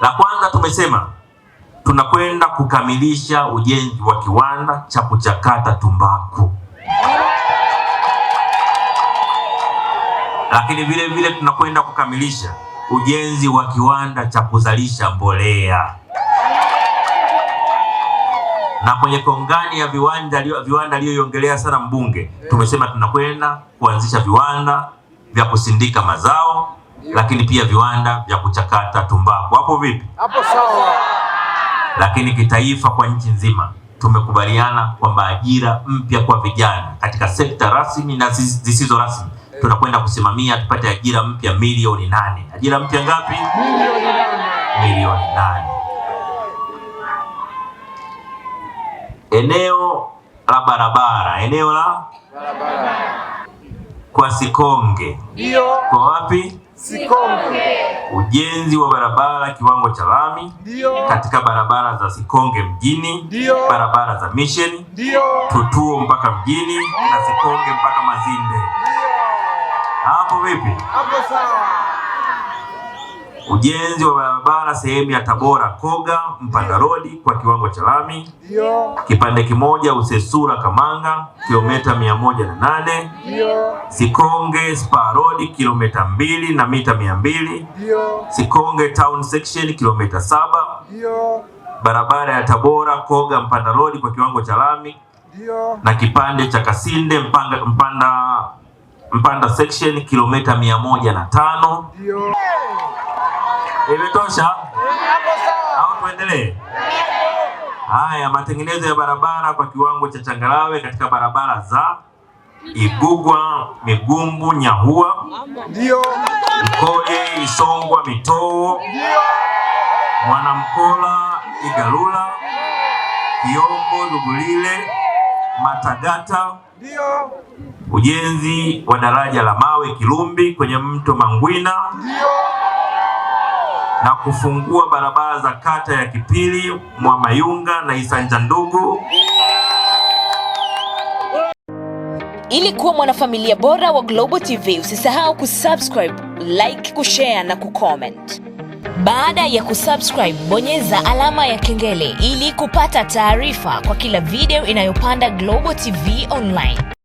La kwanza tumesema tunakwenda kukamilisha ujenzi wa kiwanda cha kuchakata tumbaku, lakini vile vile tunakwenda kukamilisha ujenzi wa kiwanda cha kuzalisha mbolea na kwenye kongani ya viwanda viwanda aliyoiongelea sana mbunge, tumesema tunakwenda kuanzisha viwanda vya kusindika mazao lakini pia viwanda vya kuchakata tumbaku. Hapo vipi? Hapo sawa. Lakini kitaifa, kwa nchi nzima tumekubaliana kwamba ajira mpya kwa vijana katika sekta rasmi na zisizo rasmi tunakwenda kusimamia tupate ajira mpya milioni nane. Ajira mpya ngapi? Milioni nane. Milioni nane. Eneo la barabara, eneo la barabara kwa Sikonge. Ndio. Kwa wapi? Sikonge. Ujenzi wa barabara kiwango cha lami katika barabara za Sikonge mjini. Ndio. Barabara za Mission. Ndio. Tutuo mpaka mjini na Sikonge mpaka Mazinde. Hapo vipi? Hapo sawa ujenzi wa barabara sehemu ya Tabora Koga Mpanda Rodi kwa kiwango cha lami kipande kimoja Usesura Kamanga kilomita mia moja na nane Sikonge Spa Road kilomita mbili na mita mia mbili Sikonge Town Section kilomita saba barabara ya Tabora Koga Mpanda Rodi kwa kiwango cha lami na kipande cha Kasinde Mpanda, Mpanda, Mpanda Section kilomita mia moja na tano Imetosha au tuendelee? Haya, matengenezo ya barabara kwa kiwango cha changarawe katika barabara za Igugwa, Migumbu, Nyahua, Mkoje, Isongwa, Mitoo, Mwanamkola, Igalula, Kiombo, Lugulile, Matagata. Ndio. Ujenzi wa daraja la mawe Kilumbi kwenye mto Mangwina. Ndio na kufungua barabara za kata ya Kipili, Mwamayunga na Isanja Ndugu. Ili kuwa mwanafamilia bora wa Global TV, usisahau kusubscribe, like, kushare na kucomment. Baada ya kusubscribe, bonyeza alama ya kengele ili kupata taarifa kwa kila video inayopanda Global TV Online.